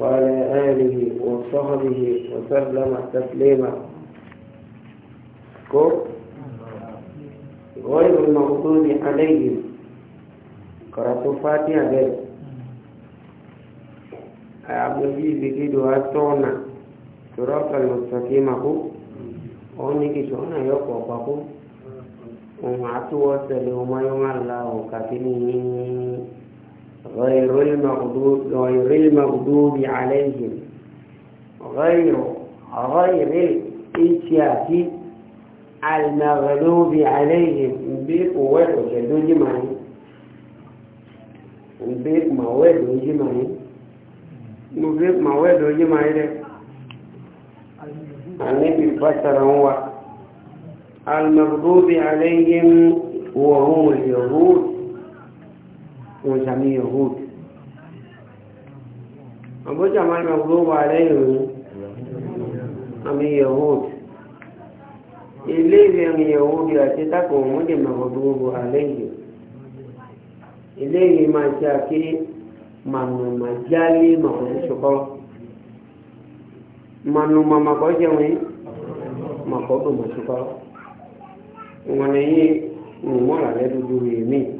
وعلى آله وصحبه وسلم تسليما غير المغضوب عليهم قرأت فاتحة غير عبد العزيز بكيد واتونا صراط المستقيم أخو أوني كيشونا يوكو أخو وما أتوى يوم الله كاتنين غير المغضوب غير المغضوب عليهم غير غير الاتياف المغلوب عليهم بقوة وشدو جمعي بيك ما ويدو جمعي بيك ما ويدو جمعي النبي فسر هو المغضوب عليهم وهم اليهود wọn sàmì yahood àbójà máa ma gbó wà lẹ́yìn òun àmì yahood ilé ìwé àmì yahood àti tako òun lè máa gbogbo wò wà lẹ́yìn ilé ìwé máa ṣe àké mànùmá jálé màkòtò ṣùkọ́ mànùmá màkòtò jẹun màkòtò màṣùkọ́ wọn lè yí òun mọ́ra lẹ́dúdú rèé míì.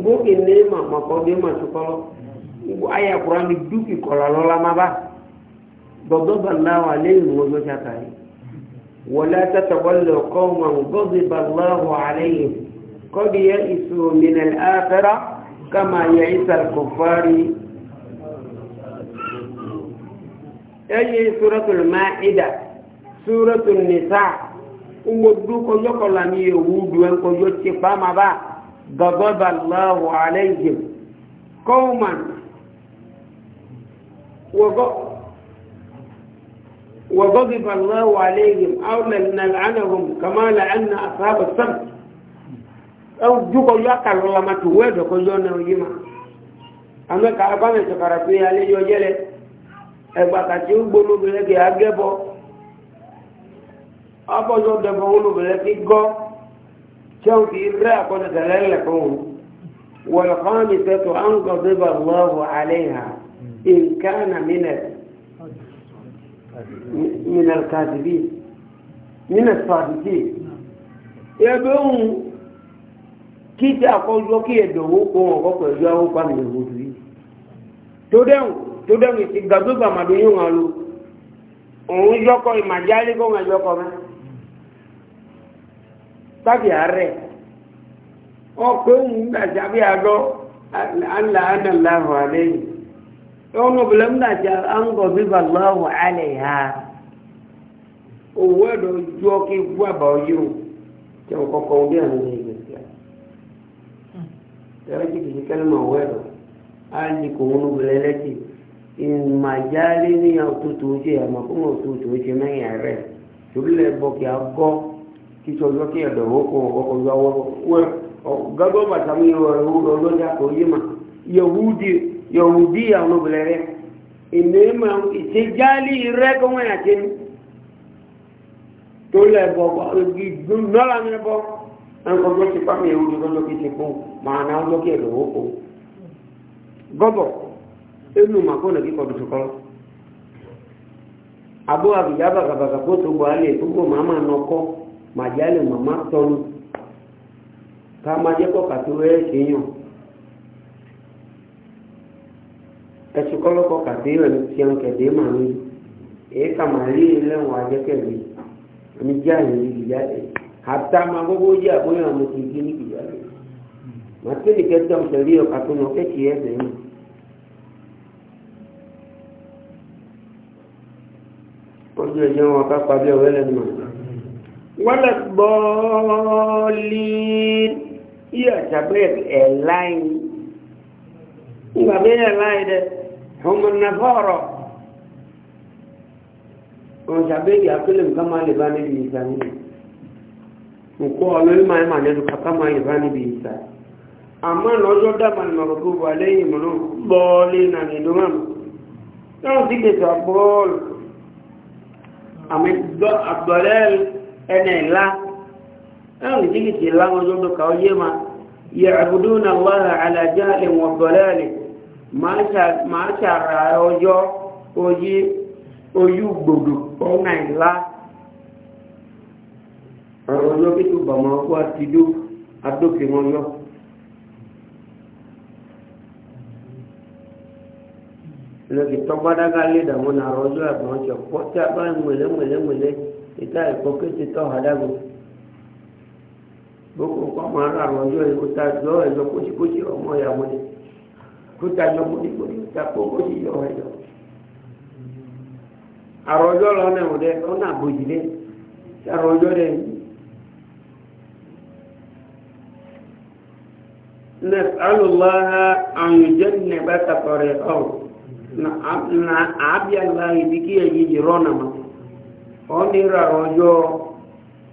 igboke ne ma makɔde ma tukɔlɔ aya kura mi duki kɔlɔlɔ la ma ba gbɔgbɔ bala wa ale yi ŋgɔdɔ ta ta yi wala tatabɔlɔ kɔma ŋgɔdi bala wa ale yi kɔdi yɛ isu minɛ akɛra kama yɛ isal kofari ɛyi suratul ma'ida suratul nisa ŋgɔdu kɔjɔ kɔla mi yɛ wu tsi kpama ba. غضب الله عليهم قوما وغضب الله عليهم أو لنلعنهم كما لعن أصحاب السبت أو جوكو يقال الله ما تويدو كزونا ويما أما كأبانا سكرافي عليه وجل أبقاتي وبلو بلكي أجيبو أبو زودة بولو بلكي غو شوك إبراء قد تللكم والخامسة أن غضب الله عليها إن كان من من الكاذبين من الصادقين يدعون kíti àkọjọ́ kí ẹ̀dọ̀wó kó wọn kọ́ pẹ̀lú àwọn pàmìlì òwúrú yìí tó dẹ̀wù tó dẹ̀wù ìsìgbàgbọ́gbà màdó yóò wọn lò òun yọkọ̀ ìmàjálé kó wọn yọkọ̀ mẹ́ tàbí ààrẹ ọkọ̀ ohun gbàjábí àgọ́ aláàánàláwọ̀ àlẹ́yìn ọmọ obìnrin gbàjá áńgọ̀ bíbà lọ́wọ̀ alẹ́ ha owó ẹ̀dọ̀ ojú ọkọ̀ ikú àbà ọyẹ́ o tí wọn kọ́kọ́ bí àwọn ilé ìgbésí ẹ̀rọ jì kìí kẹ́lẹ́ mọ̀ owó ẹ̀dọ̀ kò lẹ́tì ìmàjálé ní àmọ́ fún torí kí a gọ́ kìtọ̀jọ́ kí ẹ̀dọ̀ ọkọ̀yọwọ́ gọ́gọ́ bàtàmí ọlọ́jà kò yé ma yahudi àwọn obìnrin rẹ̀ ìmẹ́mọ̀ ìṣẹ́jálì rẹ̀ kọ́ wọ́n yà ṣe ní tó lẹ́bọ̀ nọ́là mẹ́bọ̀ ẹnkọjọ́ ti pàmì yahudi gọ́jọ́ kí ti kú màá náà ọjọ́ kí ẹ̀dọ̀ ọkọ̀ gọ́bọ̀ ẹnu màkọ́nà kíkọ̀ dùtùkọ́ abúwàbìyà bàgàbàgà kó tó gbọ́ alẹ́ tó gbọ́ màá máa nọkọ́ màjálè màmá tọ́nu ká máa jẹ́ kọ́ kàtó ẹ̀ ṣèyàn ẹ̀sùn kọ́lọ́kọ́ kàtó ẹ̀ ti hàn kẹ̀dẹ́ màá mi èyí kà máa rí lẹ́wọ̀n ajẹ́kẹ̀lé àmì jẹ́ àyè ìjáde àtà máa gbogbo jẹ́ àbóyá àmì ti di ní ìjáde màá tẹ́lẹ̀ kẹ́tọ́ ọ̀sẹ̀rí ọ̀kà tó nà kẹ́kì ẹ̀ sẹ́yìn. ojú ẹ̀jẹ̀ wọn ká wala bọ́ọ̀lìn yíò ṣàbẹ́ ẹ̀láìn ìgbàbẹ́ ẹ̀láìn dẹ ọmọnàfọ́rọ̀ wọ́n ṣàbẹ́ ìyàpẹ́lẹ̀ nǹkan máa lè bá níbi ìsà nínú nǹkọ́ ọlọ́rí máa máa nẹ́nu kàkà máa lè bá níbi ìsà àmọ́ lọ́jọ́ dábàá ní ọ̀rọ̀ gbogbo alẹ́ yìí mọ̀ náà bọ́ọ̀lì náà ní ìdó márùn náà sì gbèsè àbọ́ọ̀lù àmì àbọ̀lẹ́ẹ̀lì ẹnẹ ńlá ẹnì jìgìtì ńlá wọn tó dọkà ó yé ma yàgùdú na wàhà àlàjá ìwọ̀n bọ̀lẹ́ẹ̀lì máa ṣàrà ọjọ́ oyí oyú gbòdò ọ̀nà ńlá ọ̀rọ̀ ọjọ́ kí tó bàmọ́ kó àtijọ́ adókè wọn yọ. lókè tọ́gbádágá lé dàmú na ọjọ́ ẹ̀gbọ́n ṣe pọ́ bá ń wẹ̀lẹ́wẹ̀lẹ́wẹ̀lẹ́ ìta ẹ̀kọ́ kéde tọ́ àdágbò gbogbo nǹkan máa ń ràn ọjọ́ ìwò ta jọ ẹ̀jọ kóṣíkóṣí ọmọ ìyàwó ni kó ta jọ kóṣíkóṣí ta kó kóṣí yọ ẹ̀jọ. àròjọ́ lọ náà dẹ ọ̀nà àbòjì dẹ àròjọ́ dẹ nas'alullaha an yujannibaka tariqahu na abiyallahi biki yaji jirona maka ọ́nira ọjọ́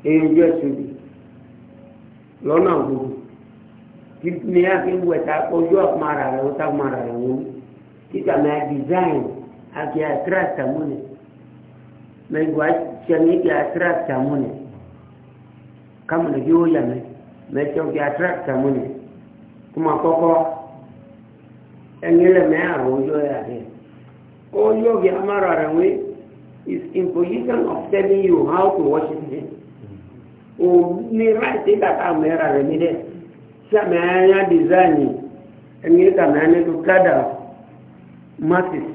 eéjú ẹ̀sùn bì lọ́nà gbogbo ní akéwù ẹ̀ta ojú àkùmara rẹ̀ ó sàkùmara rẹ̀ wọ́n títà máa design àti attract àmúnẹ̀ mẹ́gbọ́ àṣẹmí kí attract àmúnẹ̀ kámúnẹ̀ kí ya is imposition of telling you how to worship him. O ní ráìtì dàtà mẹ́ra rẹ̀ nílẹ̀. Sàmì àyà dìzáìnì ẹni sàmì àyà tó kádà masses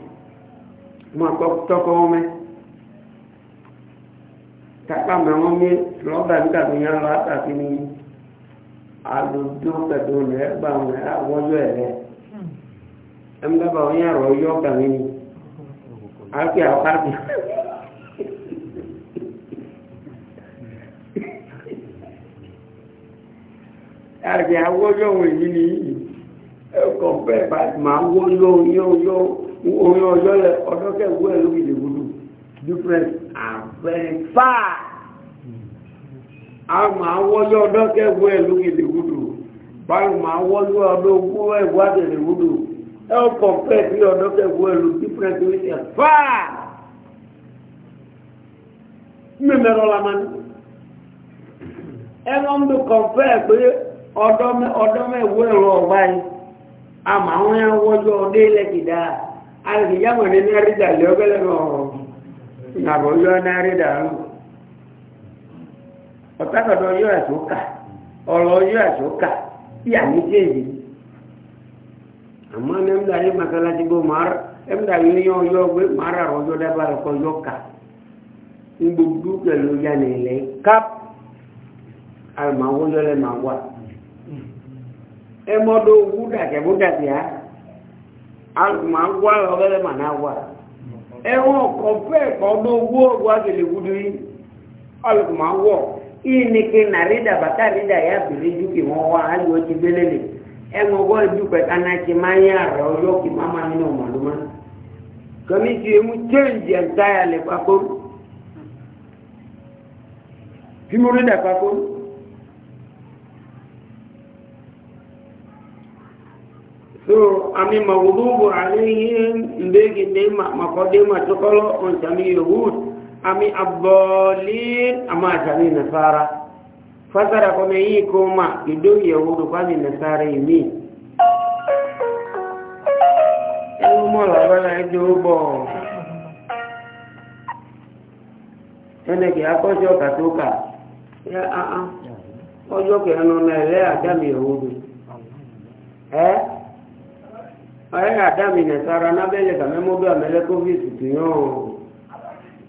máa tọ́kọ́ wọn mẹ́. Tàpá mẹ́wọ́n mi lọ́gbà nígbà tó yẹn lọ àtàkì ni alùdó pẹ̀lú rẹ̀ gbà wọn àwọ́jọ́ ẹ̀ rẹ̀. Hmm. Ẹ̀mí dábàá wọn yẹn àrọ̀ yọ̀ ọ̀gbà mi ni. Àkè hmm. àwọn àgbẹ̀. àgbẹ̀ awọ́yọ̀ wọ̀nyí ni ẹ̀kọ́ bẹ́ẹ̀ bá máa wọ́ yóyóyó oyún ọjọ́ lẹ ọjọ́ kẹwọ́ ẹ̀ lórí ìdìbòdò difference are very far a máa wọ́yọ̀ ọjọ́ kẹwọ́ ẹ̀ lórí ìdìbòdò báyìí máa wọ́yọ̀ ọjọ́ ogún ẹ̀wọ́ àtẹ̀lẹ̀wòdò ẹ̀kọ́ bẹ́ẹ̀ bí ọjọ́ kẹwọ́ ẹ̀ lórí difference which is far mímẹ́rọ̀ la máa ń ẹ̀rọ ń bí kọ̀ǹfẹ́ pé ọdọ́ mẹ́wọ́ ẹ̀rọ ọ̀wá yìí àmà àwọn yẹn wọ́jọ́ ọdẹ lẹ́gìdá alìkìyàmọ̀ ní náírà lẹ́ọ̀gẹ́lẹ́ ọ̀rọ̀ nàbọ̀yọ́ náírà rù ọ̀tàkọ̀dọ̀ yọ ẹ̀tọ́ kà ọ̀rọ̀ yọ ẹ̀tọ́ kà sí àmì téèyì àmọ́ ẹ̀mdà yìí masalasi bó mara ẹ̀mdà yìí yọ ọyọ gbé mara ọjọ́ dábàá lọ́kọ́ yọ kà gbogbo kẹlẹ́ ọjà nílẹ̀ káp àmà wọ́jọ́ lẹ́ máa wà ẹmọdọ owó dàgẹ̀bó dàbíà alùpùpù máa ń wá ọgẹ́lẹ́ mà náà wà ẹwọn ọkọ̀ bẹ́ẹ̀ kọ́ ọdọ owó ọgbọ́ àgbèlè wúdú yìí alùpùpù máa ń wọ̀ yìí ni kí nàrí dàbàtà rí dàyà bèrè ju kí wọ́n wá ayọ̀ ti gbélé lè ẹwọn ọgbọ́ ju pẹ̀ka náà ti máa ń yá àrẹ ọjọ́ kí má máa nínú màlúmá kọ́mítì emu chẹ́ǹjì ẹ̀ńtáyà lẹ̀ pàkó fímúrídà pàkó. so ami maghdubu alayhim ndege nema makodema tokolo on jami yahud ami abdallin ama jami nasara fasara kone hii koma kidogo yahudu kwani nasara yimi umola bala ejobo ene ki akojo katuka ya a a ojo ke anu na ele ajami yahudu eh ọ̀rẹ́ àdámì nẹ̀sára nábẹ́lẹ̀ kàmẹ́ mọ́bí àmẹ́lẹ́ kófíìsì tó yàn ọ́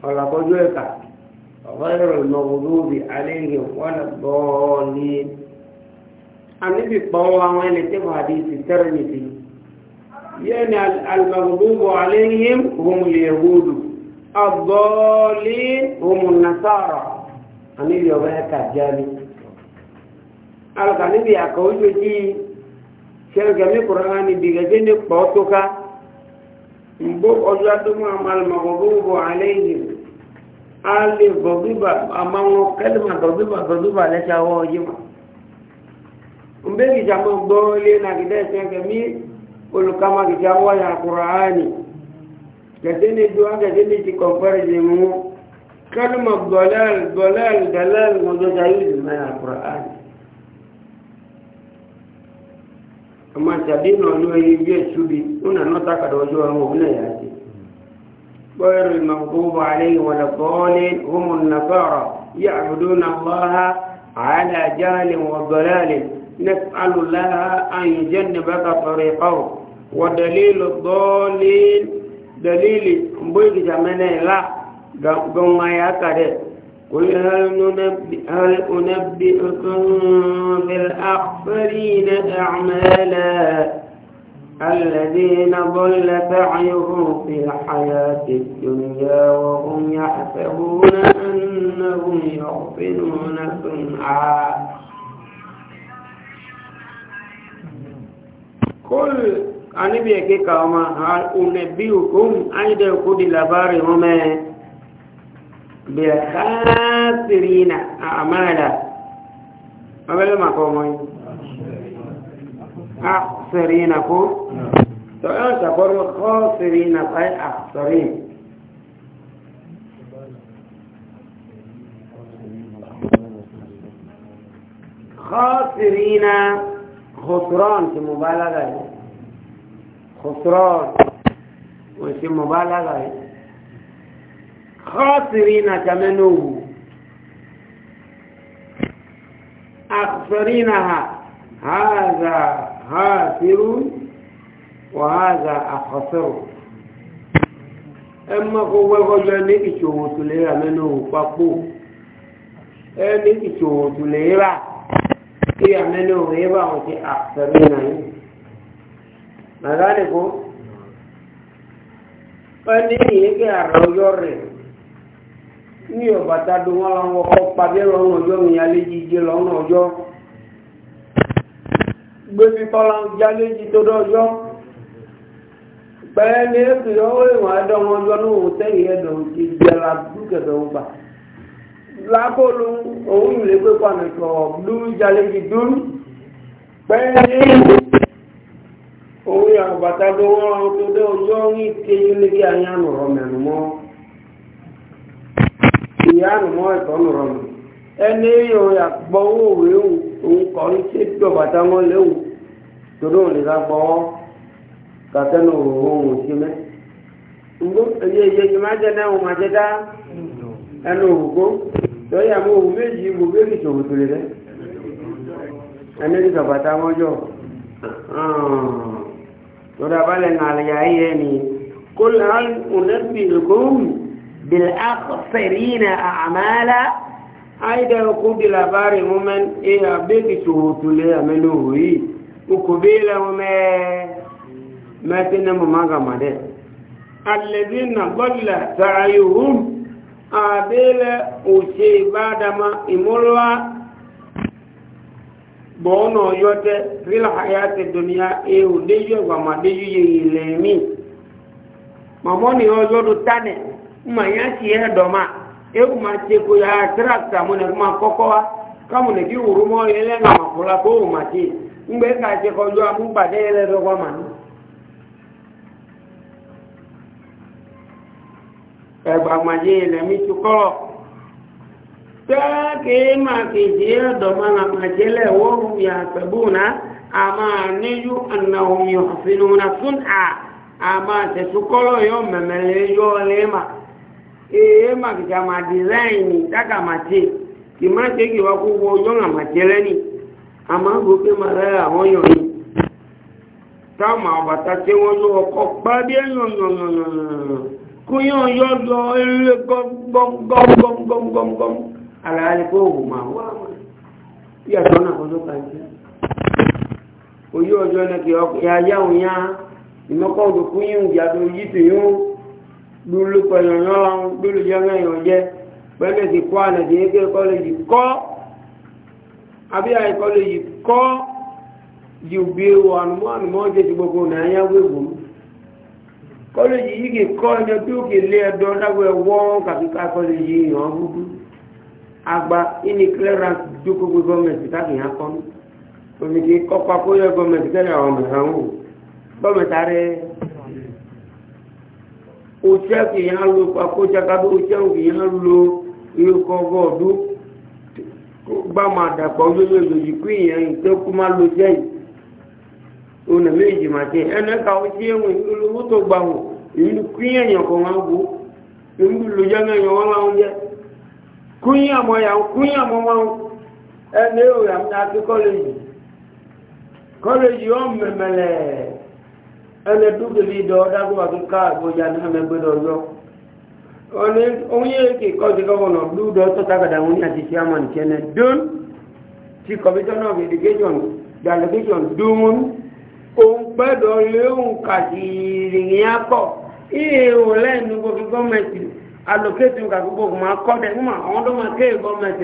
ọ̀làkọ́jọ́ ẹ̀ka ọ̀rẹ́ ìmọ̀wòlóbi àlẹ́yìn wọn bọ́ọ̀lì. àníbi pọ́wọ́ àwọn ẹni tí wọ́n àdé ti tẹ́rẹ̀ nìdí yẹn ni alìmọ̀wòlóbi àlẹ́yìn òmùlẹ̀ ẹ̀wọ́dù ọ̀bọ́ọ̀lì òmùnàsára àníbi ọ̀rẹ́ ẹ̀ka jáde. alùpàá níbi àkọ́ kẹgẹmí kùránì dìgẹgẹ ní pọ̀ọ́tọ́ká mbó ọjọ́ adúmọ̀ amalmọ̀gbọ̀gbọ̀ aléyìn a lè gbọ̀gbíbà àmàwọn kẹlìmà gbọ̀gbíbà gbọ̀gbíbà lẹ́sàwọ́ ọjímà mbé kìsàmọ́ gbọ́ lé nàgídẹ́ kẹgẹmí olùkàmà kìsàwọ́ ya kùránì kẹsẹ́ ní dùn kẹsẹ́ ní ti kọ̀fẹ́rẹ́ jẹ mú kẹlìmà gbọ̀lẹ́l gbọ̀lẹ́l gẹlẹ́l mọ́jọ́ta yìí ama tabino lwe bie chubi una notaka dojo angu una yake غير المغضوب عليه ولا الضالين هم النصارى يعبدون الله على جهل وضلال نسأل الله أن يجنبك طريقه ودليل الضالين دليل مبيك جمعنا لا قم ما يكره قل هل, أنبئكم بالأخفرين أعمالا الذين ضل سعيهم في الحياة الدنيا وهم يحسبون أنهم يحسنون صنعا قل أنبئك كما هل أنبئكم أيضا قد لبار بخاسرين أعمالا أبل ما قومي أخسرين أقول تقول تقول خاسرين أي طيب، أخسرين خاسرين خسران في مبالغة خسران وفي مبالغة خاسرين تمنوا أخسرينها هذا خاسر وهذا أخسر أما هو غجل إشوه تليرا منه فقو أن إشوه تليرا يعملوا غيبا وفي أخسرين ما ذلك أن يكي الرجل ní ọ̀bàtà dùn wọn làwọn ọkọ̀ pàbẹ́rọ ọ̀nà ọjọ́ mi àlejì ìje lọ́nà ọjọ́ gbébi kọ́lá jálejì tó dọ́jọ́ pẹ̀lẹ́ ní èkìlì ọwọ́ ìwọ̀n ẹ̀dọ́mọ ọjọ́ ní òun tẹ́yìn ẹ̀dọ̀ ti jẹra dúkẹ̀dọ̀ gbà lákòlù òun ìlé pé pàmì kọ̀ dúró jálejì dúró pẹ̀lẹ́ ní òun ìyàwó bàtà dùn wọn làwọn tó dé ọjọ́ ní kéjú ní ìyáàrùn mọ́ ẹ̀kọ́ nùrọ̀ mi ẹni yóò yà gbọ́ owó wéwu òun kọ́ ní tí dọ̀bàtà wọn léwu torí òun lè ra gbọ́ wọn kàtẹ́nu òun ò sí mẹ́. ngbó èyí èyí èyí máa jẹ náà wọn máa jẹ dá ẹnu òwúkó lórí àmọ́ òwú méjì ìwò méjì tòwò tó lè rẹ́ ẹni ní dọ̀bàtà wọn jọ lórí abalẹ̀ nàlẹ́ yà yẹ ni kó lè hàn òun lẹ́bi ìlú kó wù. بالأخسرين أعمالا aida ku bi labari mumen e abe ki tuhutu le amelu hui ukubila mume matina mumaga made alladhina dhalla sa'yuhum abila uche badama imulwa bono yote fil hayati dunya e udiyo wa madiyo yelemi mamoni ozo tane manya ci ya doma eu ma ce ko ya trakta mu ne ma kokowa kamu ne ki wuru mo ele na ma kula ko ma ci ngbe ka ce ko jo amu ba de ele ro ma ni e ba ma je ele mi tu ko ta ma ki je doma na ma je le wo ya sabuna ama neju annahum yuhsinuna sun'a ama se sukolo yo memele yo lema ee makita ma dizaini taka mate kìmá ṣe kí wá kúwọ yọ́nà màtí lẹ́ni a máa gbò pé máa rẹ̀ àwọn yọ̀nyí táàmà ọ̀bàtà tí wọ́n yọ ọkọ̀ pa bí ẹ̀yọ̀nyọ̀nyọ̀nyọ̀nyọ̀ kú yọ̀n yọ̀ lọ eré gọ́gọ́gọ́gọ́gọ́gọ́m aláàlẹ́ kó òwò máa wá bí ẹ̀tọ́ náà kan? tó ka jẹ́ oyé ọjọ́ náà kì í ọkọ̀ yà yáwó yá ìmọ̀kọ́ òdòkú yìí ń yàtọ̀ yìí lulu pẹ̀lú yọ́n lulu jẹ́ngẹ́ yọ̀ jẹ́ pẹ̀lú ti kọ́ ànàdì eke kọ́lẹ́jì kọ́ àbí àyè kọ́lẹ́jì kọ́ yóò bí ewu ànumọ́ ànumọ́ jẹ́ ti gbogbo náà yá wéwu kọ́lẹ́jì yìí kì kọ́ ẹni tó kì lé ẹdọ́ dáwọ́ ẹwọ́ kàkíkà kọ́lẹ́jì yìí agba clearance pa òṣẹ́ kì í hàn ló pàkójákàdó òṣẹ́ kì í hàn ló ikọ̀ gọ́ọ̀dú gbá máa dàpọ̀ lórí òjòjì kú ìyẹn ìtẹ́kù má ló jẹ́ yìí ọ̀nà méjì máa ṣe ẹnẹ́ka ó ṣe èwọ̀n ìlúlówó tó gbà wò ìlú kú èèyàn kan wọn bú ìlú ló jẹ́ mẹ́yàn wọn máa ń jẹ́ kú ìyàmọ̀ yà kú ìyàmọ̀ wọn ẹni èrò yàmúta sí kọ́lẹ́jì kọ́lẹ́jì ọ̀ mẹ̀mẹ̀lẹ̀ ẹnẹ dúkìlì dọ dágbà kíkà àgbójà ní onye kíkọ sí gọvanọ dúdọ tọtakàdà wọn ní àti chairman kẹnẹ dún ti commissioner of education delegation dúnmún òun gbẹdọ léhùn kàṣìrì yẹn akọ iye òun lẹ́nu gbogbo gọọmenti allocate nǹkan gbogbo kò máa ma àwọn gọọmenti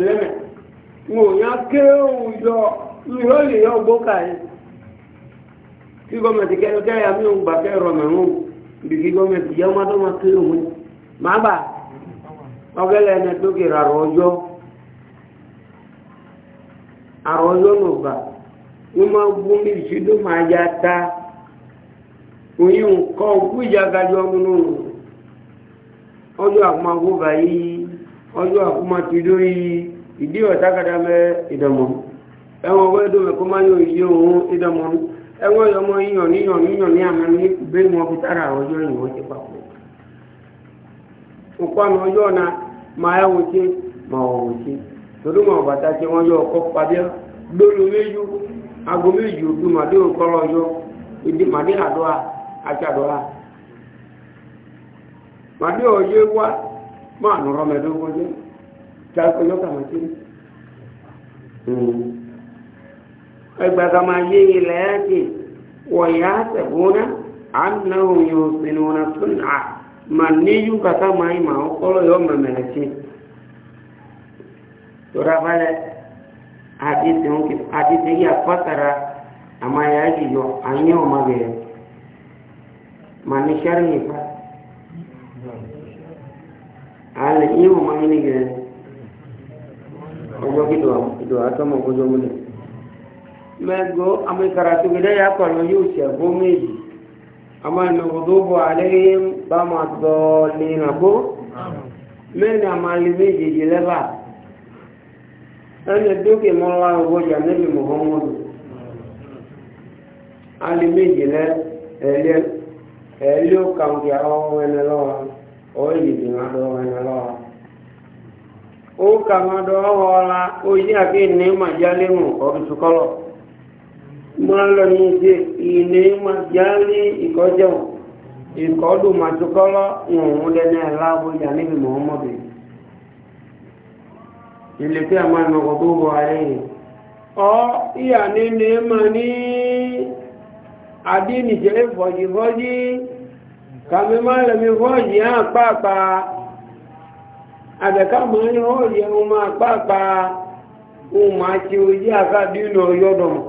wọn yọ kí gọ́ọ̀mẹ̀ntì kẹ́lẹ́ ya àmì òun gbà kẹ́ rọ̀ mẹ́rún ibi kí gọ́ọ̀mẹ̀ntì yẹ ọmọdé máa kéré òun máa bà ọgẹ́lẹ́ ẹni tó kéré àrọ̀ ọjọ́ àrọ̀ ọjọ́ nù gbà wọ́n máa gbó mi ìṣúdó máa ya ta òyìn kọ́ òkú ìjàgájọ́ múnú ìdí ọ̀tá ẹwọ́ ọmọ yíyàn níyàn níyàn ní àmà ní bẹ́ẹ̀ mọ́ fi tára ọjọ́ ìwọ́ ti papọ̀ òkú àmì ọjọ́ ọ̀nà máa ẹwọ́ ṣe máa ọ̀wọ̀ ṣe torí mọ̀ bàtà ṣe wọ́n yọ ọkọ pàdé lórí méjì aago méjì òdu màdé ìdí màdé àdúrà màdé ọjọ́ máa nọ̀rọ̀ a kọjọ́ ẹgbàgàmà yé ilẹ̀ ẹ̀kì wọ̀nyá tẹ̀bùnà ànáhùn yóò sinú na súnà mà níyú kàtà máa ìmà ọkọ́lọ́ yóò mẹ̀mẹ̀rẹ̀ sí tọ́ra balẹ̀ àti tẹ̀yí àpátara àmà yà á jùlọ àyẹ̀ ọmọ bẹ̀rẹ̀ mà ní sẹ́rì nípa àlẹ́ yíwọ̀n máa ń ní gẹ̀rẹ́ ọjọ́ kí lọ́wọ́ àtọ́mọ̀ kọjọ́ múlẹ̀ mego amekaratu gida ya kwalo yushe gomeji ama na gudubu alayhim bama dolina ko mene amali meji jileba ene duke mola goja nabi muhammad ali meji le ele elio kaungia o ene lo o yi dinga do ene lo o kama do wala o yi akini ma jalimu o bisukolo máa lọ ní ṣe ìní máa já ní ìkọ́jẹ̀wọ̀ ìkọ́dù màtúkọ́lọ́ ìwọ̀n lẹ́nu aláwòyà níbi mọ́ọ́mọ́bì ilé tí a máa ń lọ́kọ̀ tó wọ ayé yìí ọ ìyà ní ní máa ní adínìṣẹ́ fọ̀jìfọ́jì kàmí máa lẹ́mi fọ́jì hàn pàápàá àbẹ̀ká máa ní fọ́jì hàn máa pàápàá òun máa ṣe ojú àkádínà yọ́dọ̀mọ̀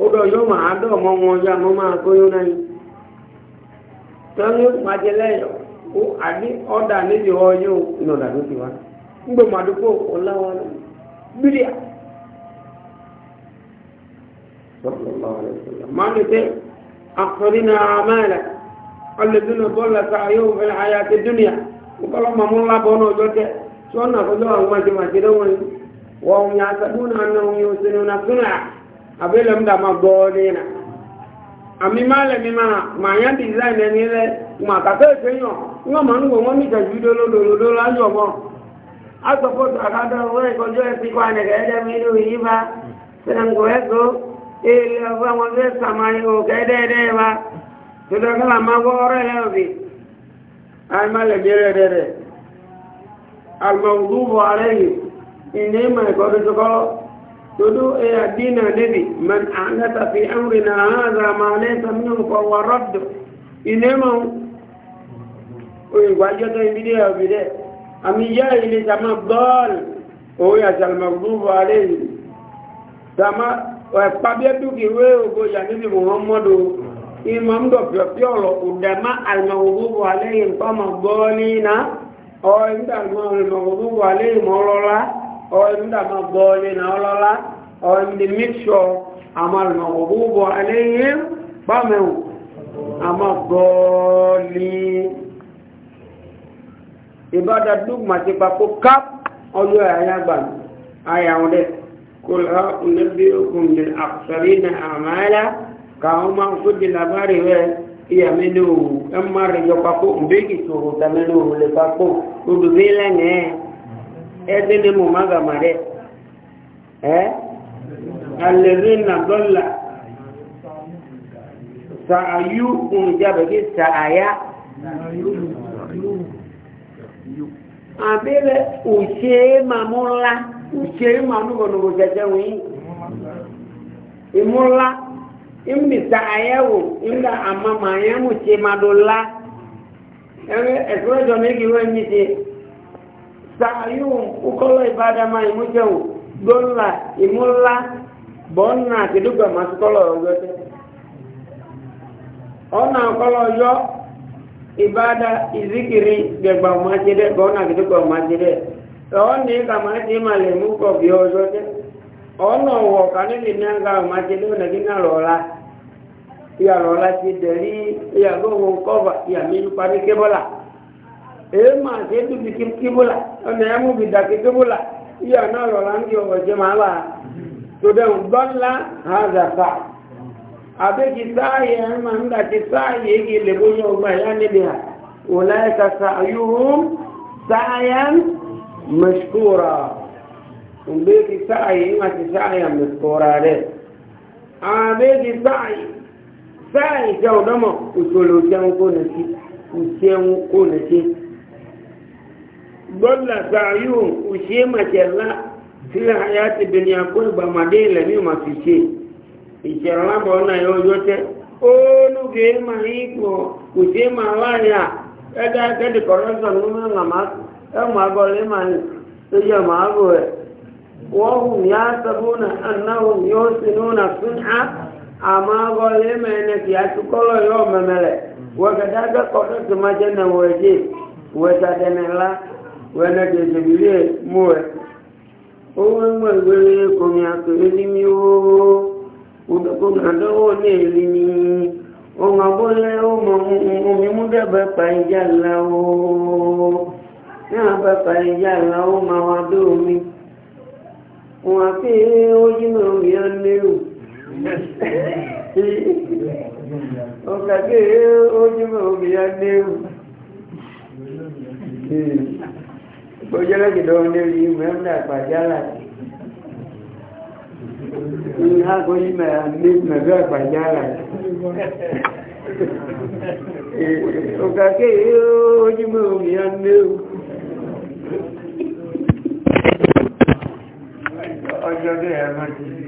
kódọ̀ yóò máa dọ̀ mọ́ wọn yá mọ́ máa gbóyún náà tọ́lú májẹlẹ́ ó àní ọ̀dà níbi ọyún ìnàdà ló ti wá ńgbò màdúgbò ọláwọn bírí mánìtẹ́ àkọ́rínà àmàlẹ̀ ọlẹ́dúnà bọ́ọ̀lá ta yóò fẹ́ àyàtẹ̀ dúnìyà kọ́lọ́ mọ̀mú lábọ́ náà ọjọ́ tí wọ́n fọ́jọ́ àwọn yìí wọ́n yà náà abele mda magone na ami mi ma ma design ni le ma ka ke se yan ngo ma ngo ngo mi ka ju do lo la yo mo a so po ka do we ko e ne de mi ru yi se na ngo e go e le wa mo se o de de ba ka ma go re le bi ai male re re تدو إلى دين النبي من أحدث في أمرنا هذا ما ليس منه فهو رد إنما ويواجه بيديه وبيديه أم يجاهل كما ضال هو يجعل المغضوب عليه كما ويقبيتك ويوكو يعني محمد إمام دو بيولو قدما المغضوب عليهم فما ضالين أو إنت المغضوب عليهم أولولا oyin da ma bole na olola oyin di mixture amal maghdubu alayhim bamu ¿eh? ama boli ibada dugma ti papo kap oyo aya gba aya onde kul ha unabbiukum bil aktharina amala kauma fudi labari ẹdínlẹ̀ mọ̀ má gàmà rẹ̀ ẹ́ alẹ́rí nà dọ́là sàáyú òǹjàbẹ̀ sàáyá àbílẹ̀ òṣè màmú òṣè màmú gbọ̀nùgbò jẹjẹ wọ̀nyí ìmúlá ìmìta àyẹ̀wò ńlá àmàmà àyẹ̀wò ṣe máa dọ̀ lá ẹ̀rọ ẹ̀kúrẹ́jọ méjì wọ́n mi ṣe. sàáyùn ukọ́lọ́ ìbádàmà ìmújẹ̀wò gbọ́nlá ìmúlá bọ́ọ̀nà àtìdúgbà máa kọ́lọ̀ ọjọ́ tẹ́ ọ̀nà kọ́lọ̀ ọjọ́ ìbádà ìzíkiri gbẹ̀gbà máa ṣe dẹ́ bọ́ọ̀nà àtìdúgbà máa ṣe dẹ́ ọ̀nà ìkà máa ṣe máa lè mú kọ̀ bí ọjọ́ tẹ́ ọ̀nà ọ̀wọ̀ kanílì ní àgbà máa ṣe dẹ́ ọ̀nà kíkà lọ́la ìyàlọ́la ti dẹ̀rí ìyàgbọ́ èémà tí é dùbí kí kíbúlà ọ̀nà ẹ̀mú bìdà kí kíbúlà yíyà náà lọ́la ń di ọ̀wọ̀ jẹ́ máa wà tó dẹ̀ gbọ́nlá àzàfà àbẹ́kì sáàyè ẹ̀mà ń dàkí sáàyè kí lè bóyá ọgbà yá níbi hà wòlá ẹ̀ka sàáyúhùn sáàyàn mẹ́ṣkúra òbẹ́kì sáàyè ẹ̀mà ti sáàyàn mẹ́ṣkúra rẹ̀ ti. ضل سعيهم وشيمة الله في الحياة الدنيا كل بمدين لم يمسكي ìṣẹ̀rọ̀lá bọ̀ ọ́nà yóò yóò tẹ́ ó lóge ma ní ipò ma láyà ẹgbẹ́ akẹ́dì ya ma ní ya ẹ̀mà ààbò ẹ̀ wọ́n hù ya àṣàbùnà anáhùn ya sì núnà fún á àmà gọ́lé ma ẹni kì á ti kọ́lọ̀ yóò mẹ́mẹ́lẹ̀ wọ́n kẹ́dẹ́ akẹ́kọ̀ọ́ tó ti ma jẹ́ na wọ́n ẹ̀jẹ̀ wọ́n ẹ̀ta dẹ́nẹ̀ wẹ́lẹ́ jẹjẹrẹ ilé mú ẹ ó wọ́n mọ̀ ìwéré kòmí àpèrè ní mi ó kòmí àdánwò ní èlì ni ohun àbólẹ́ ó mọ omi mú dẹ́bẹ̀ pa ìjà ńlá ó ní àbẹ̀ pa ìjà ńlá ó máa wá dé omi òun àti ó yí mi omi á lérò òun àti ó yí mi omi á lérò bójú lẹ́gìdọ́ lérí mẹ́mdà àgbàjálà ní àgóyí mẹ́fẹ́ àgbàjálà òkàkè ojímọ̀ òmìnira mẹ́rù ọjọ́ bẹ́ẹ̀ mọ́ ti